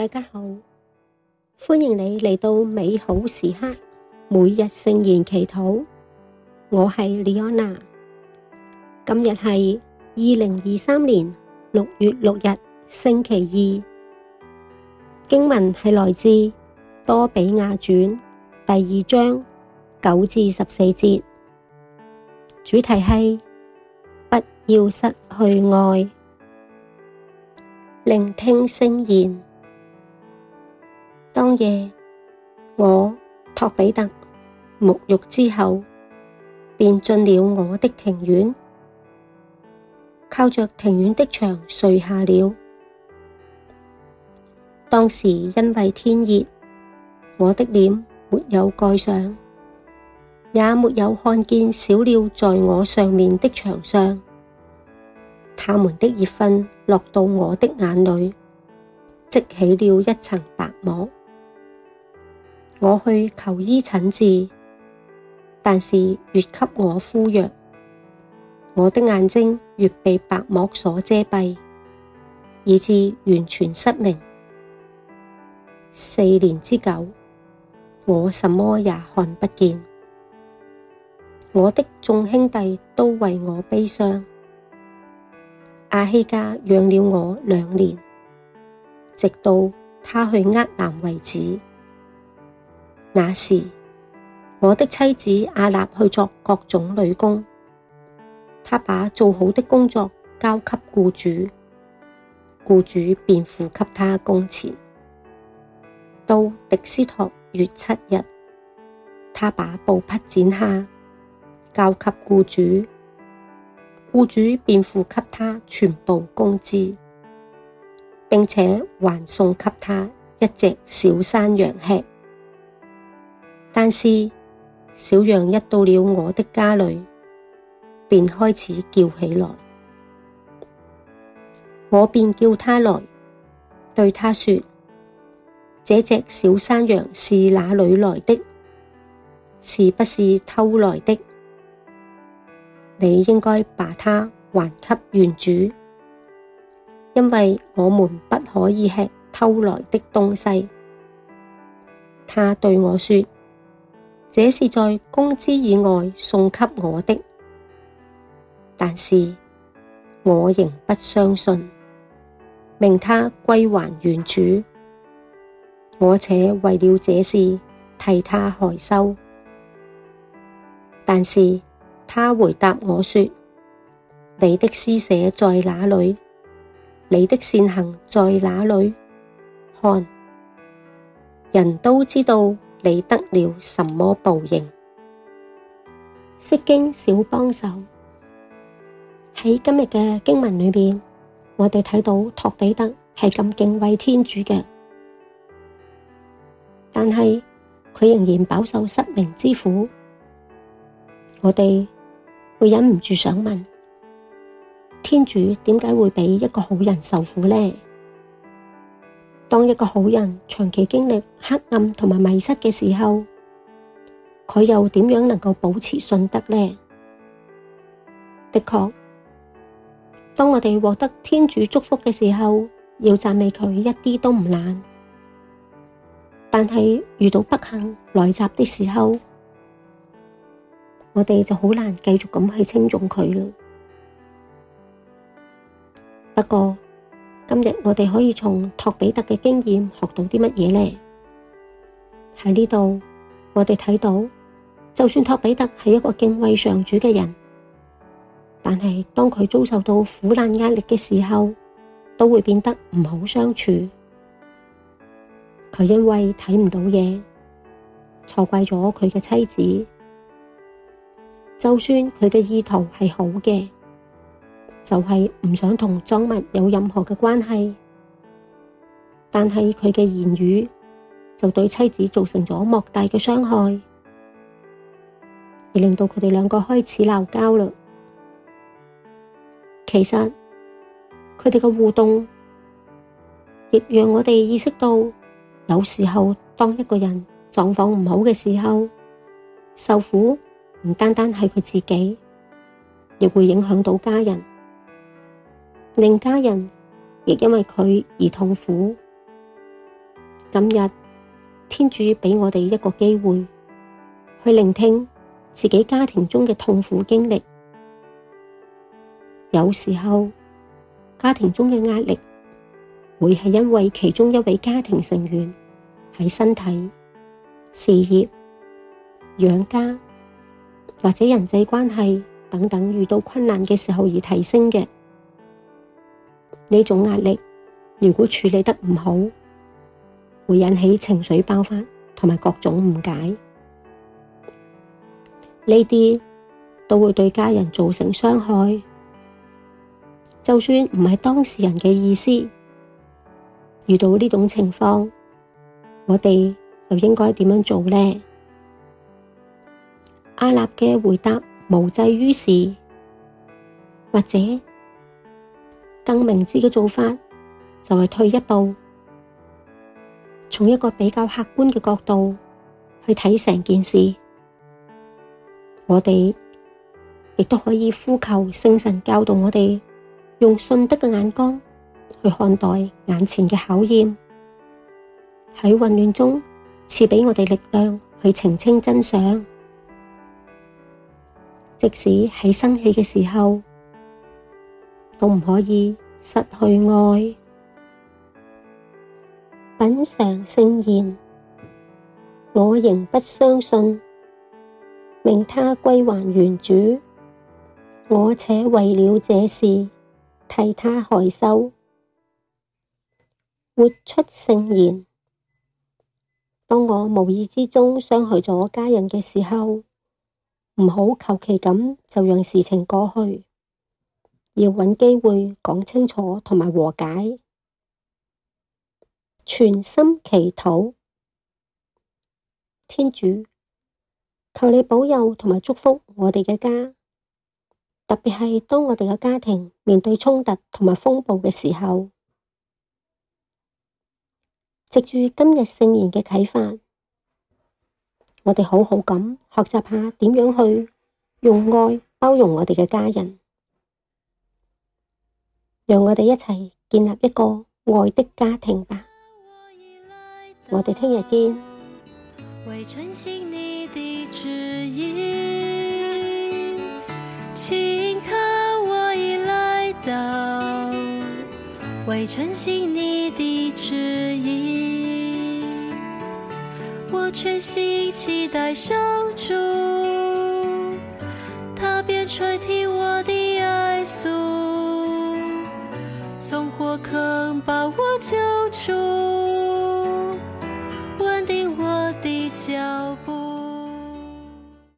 大家好，歡迎你嚟到美好時刻每日聖言祈禱。我係李安娜，今日係二零二三年六月六日，星期二。經文係來自多比亞傳第二章九至十四節，主題係不要失去愛，聆聽聖言。當夜，我托比特沐浴之後，便進了我的庭院，靠着庭院的牆睡下了。當時因為天熱，我的臉沒有蓋上，也沒有看見小鳥在我上面的牆上，它們的熱糞落到我的眼裏，即起了一層白膜。我去求醫診治，但是越給我敷藥，我的眼睛越被白膜所遮蔽，以致完全失明。四年之久，我什麼也看不見。我的眾兄弟都為我悲傷。阿希加養了我兩年，直到他去厄藍為止。那時，我的妻子亞納去做各種女工，她把做好的工作交給雇主，雇主便付給她工錢。到狄斯托月七日，她把布匹剪下交給雇主，雇主便付給她全部工資，並且還送給她一隻小山羊吃。但是小羊一到了我的家裡，便開始叫起來。我便叫她來，對她說：這隻小山羊是哪裡來的？是不是偷來的？你應該把它還給原主，因為我們不可以吃偷來的東西。她對我說。這是在工資以外送給我的，但是我仍不相信，命他歸還原主。我且為了這事替他害羞，但是他回答我說：你的施捨在哪裏？你的善行在哪裏？看，人都知道。你得了什麼報應？釋經小幫手。喺今日嘅經文裏邊，我哋睇到托彼特係咁敬畏天主嘅，但係佢仍然飽受失明之苦。我哋會忍唔住想問：天主點解會俾一個好人受苦呢？當一個好人長期經歷黑暗同埋迷失嘅時候，佢又點樣能夠保持信德呢？的確，當我哋獲得天主祝福嘅時候，要讚美佢一啲都唔難。但係遇到不幸來襲嘅時候，我哋就好難繼續咁去稱頌佢啦。不過，今日我哋可以從托彼特嘅經驗學到啲乜嘢咧？喺呢度我哋睇到，就算托彼特係一個敬畏上主嘅人，但係當佢遭受到苦難壓力嘅時候，都會變得唔好相處。佢因為睇唔到嘢，錯怪咗佢嘅妻子，就算佢嘅意圖係好嘅。就係唔想同贓物有任何嘅關係，但係佢嘅言語就對妻子造成咗莫大嘅傷害，而令到佢哋兩個開始鬧交啦。其實佢哋嘅互動亦讓我哋意識到，有時候當一個人狀況唔好嘅時候，受苦唔單單係佢自己，亦會影響到家人。令家人亦因為佢而痛苦。今日天主俾我哋一個機會，去聆聽自己家庭中嘅痛苦經歷。有時候家庭中嘅壓力，會係因為其中一位家庭成員喺身體、事業、養家或者人際關係等等遇到困難嘅時候而提升嘅。呢種壓力如果處理得唔好，會引起情緒爆發同埋各種誤解，呢啲都會對家人造成傷害。就算唔係當事人嘅意思，遇到呢種情況，我哋又應該點樣做呢？亞納嘅回答無濟於事，或者。更明智嘅做法就係退一步，從一個比較客觀嘅角度去睇成件事。我哋亦都可以呼求聖神教導我哋，用信德嘅眼光去看待眼前嘅考驗，喺混亂中賜畀我哋力量去澄清真相，即使喺生氣嘅時候，都唔可以失去愛。品嚐聖言，我仍不相信，命他歸還原主，我且為了這事替他害羞，活出聖言。當我無意之中傷害咗家人嘅時候，唔好求其咁就讓事情過去。要揾機會講清楚同埋和解，全心祈禱，天主，求你保佑同埋祝福我哋嘅家。特別係當我哋嘅家庭面對衝突同埋風暴嘅時候，藉住今日聖言嘅啟發，我哋好好咁學習下點樣去用愛包容我哋嘅家人。讓我哋一齊建立一個愛的家庭吧，我哋聽日見。為遵行你的旨意，請看，我已來到，為遵行你的旨意，我全心期待收。